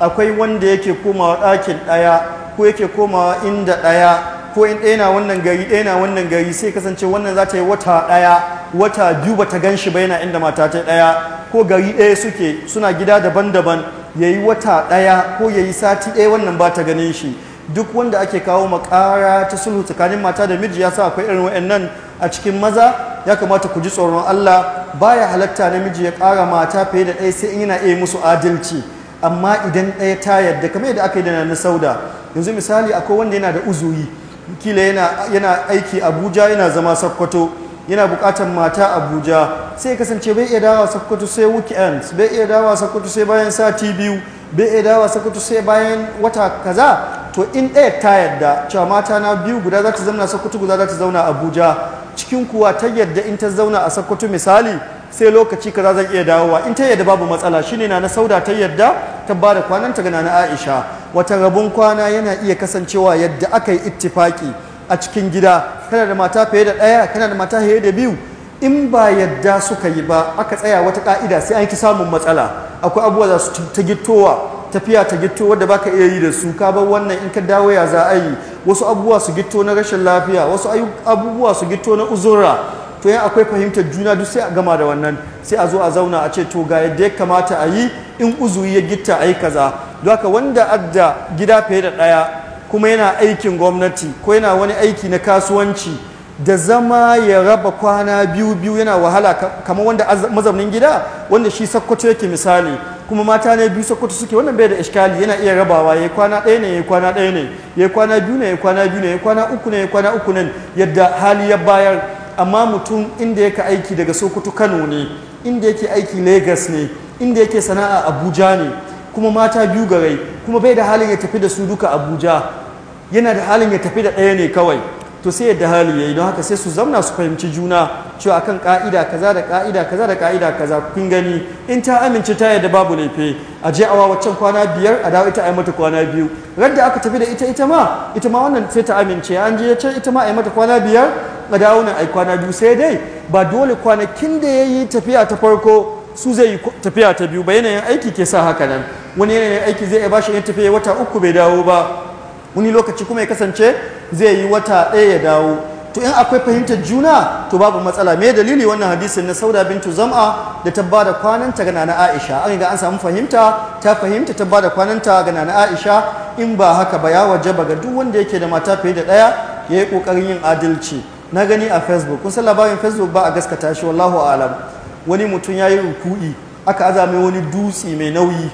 akwai wanda yake komawa ɗakin ɗaya ko yake komawa inda ɗaya ko in ɗaya na wannan gari ɗaya na wannan gari sai kasance wannan za ta yi wata ɗaya wata biyu ba ta gan shi ba yana inda mata ta ɗaya ko gari ɗaya suke suna gida daban-daban ya yi wata ɗaya ko ya yi sati ɗaya wannan ba ta ganin shi duk wanda ake kawo makara ta sulhu tsakanin mata da miji ya sa akwai irin wa'annan a cikin maza ya kamata ku ji tsoron Allah baya halatta namiji ya ƙara mata fiye da ɗaya sai in yana iya musu adalci amma idan ɗaya ta yadda kamar yadda aka yi da na sauda yanzu misali akwai wanda yana da uzuri kila yana aiki abuja yana zama sakkwato yana bukatar mata abuja sai kasance bai iya dawa sakkwato sai weekend bai iya dawa sakkwato sai bayan sati biyu bai iya dawa sakkwato sai bayan wata kaza to in ɗaya ta yadda cewa mata na biyu guda za ta zauna sakkwato guda za ta zauna abuja cikin kuwa ta yadda in ta zauna a sakkwato misali sai lokaci kaza zan iya dawowa in ta yadda babu matsala shine na na sauda ta yadda ta ba da kwanan ta na Aisha wata rabon kwana yana iya kasancewa yadda aka yi ittifaki a cikin gida kana da mata fiye da ɗaya kana da mata fiye da biyu in ba yadda suka yi ba aka tsaya wata ka'ida sai an ki samun matsala akwai abubuwa za su ta gittowa tafiya ta gitto wadda baka iya yi da su ka bar wannan in ka dawo ya za a yi wasu abubuwa su gitto na rashin lafiya wasu abubuwa su gitto na uzura to yin akwai fahimtar juna duk sai a gama da wannan sai a zo a zauna a ce to ga yadda ya kamata a yi in uzuri ya gitta a yi kaza don haka wanda adda gida fiye da ɗaya kuma yana aikin gwamnati ko yana wani aiki na kasuwanci da zama ya raba kwana biyu biyu yana wahala kamar wanda mazaunin gida wanda shi sakkwato yake misali kuma mata ne biyu sakkwato suke wannan bai da iskali yana iya rabawa ya kwana ɗaya ne ya kwana ɗaya ne ya kwana biyu ne ya kwana biyu ne ya kwana uku ne ya kwana uku ne yadda hali ya bayar amma mutum inda yake aiki daga sokoto kano ne inda yake aiki lagos ne inda yake sana'a abuja ne kuma mata biyu garai kuma bai da halin ya tafi da su duka abuja yana da halin ya tafi da ɗaya ne kawai to sai yadda hali yi, don haka sai su zamna su fahimci juna cewa akan ka'ida kaza da ka'ida kaza da ka'ida kaza kun gani in ta amince ta yadda babu laifi a je awa waccan kwana biyar a dawo ita a mata kwana biyu radda aka tafi da ita ita ma ita ma wannan sai ta amince an je ya can ita ma a mata kwana biyar na dawo nan ai kwana biyu sai dai ba dole kwanakin da ya yi tafiya ta farko su zai yi tafiya ta biyu ba yanayin aiki ke sa haka nan wani yanayin aiki zai iya bashi yin tafiya wata uku bai dawo ba wani lokaci kuma ya kasance zai yi wata daya ya dawo to in akwai fahimtar juna to babu matsala me dalili wannan hadisin na sauda bintu zam'a da ta bada kwananta ga nana aisha an ga an samu fahimta ta fahimta ta bada kwananta ga nana aisha in ba haka ba ya waje ba ga duk wanda yake da mata fiye da ɗaya ya yi kokarin yin adalci na gani a facebook kun san labarin facebook ba a gaskata shi wallahu alam wani mutum ya yi ruku'i aka azame wani dutse mai nauyi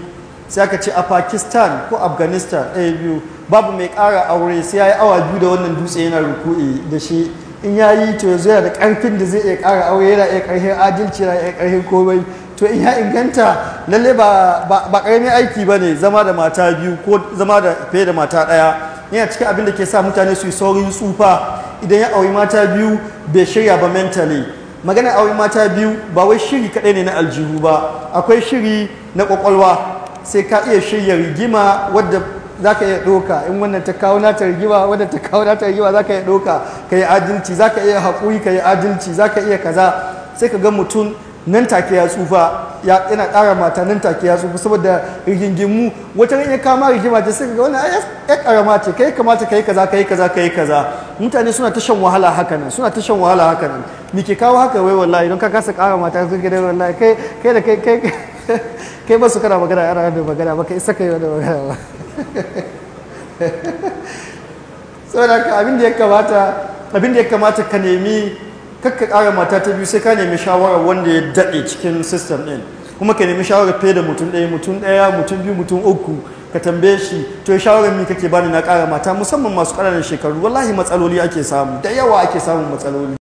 sai aka ce a pakistan ko afghanistan ɗaya eh, biyu babu mai kara aure sai ya yi awa biyu da wannan dutse yana ruku'i da shi in ya yi to yanzu yana da ƙarfin da zai iya kara aure yana iya ƙarfin adalci yana iya ƙarfin komai to in ya inganta lalle ba ƙaramin aiki ba ne zama da mata biyu ko zama da fiye da mata ɗaya yana cikin abin da ke sa mutane su yi saurin tsufa idan ya auri mata biyu bai shirya ba mentally magana aure mata biyu ba wai shiri kaɗai ne na aljihu ba akwai shiri na kwakwalwa sai ka iya shirya rigima wadda za ka iya ɗoka in wannan ta kawo nata rigima wadda ta kawo nata rigima za ka iya ɗoka ka yi adalci za ka iya haƙuri ka yi adalci za ka iya kaza sai ka ga mutum nan take ya tsufa ya, ina ƙara mata nan take ya tsufa saboda rigingimu wata ran ya kama rigima ta sai ga wani ya ƙara mace, kai kamata kai kaza kai kaza kai kaza mutane suna ta shan wahala haka nan suna ta shan wahala haka nan me ke kawo haka wai wallahi don ka kasa ƙara mata ka gidan wallahi kai kai da kai kai kai ba su kana magana ana da magana ba kai saka yau da magana ba saboda abin da ya kamata abin da ya kamata ka nemi kakka kara mata ta biyu sai ka nemi shawarar wanda ya daɗe cikin system ɗin kuma ka nemi shawarar fiye da mutum ɗaya mutum ɗaya mutum biyu mutum uku ka tambaye shi to ya shawarar mi kake bani na kara mata musamman masu ƙananan shekaru wallahi matsaloli ake samu da yawa ake samun matsaloli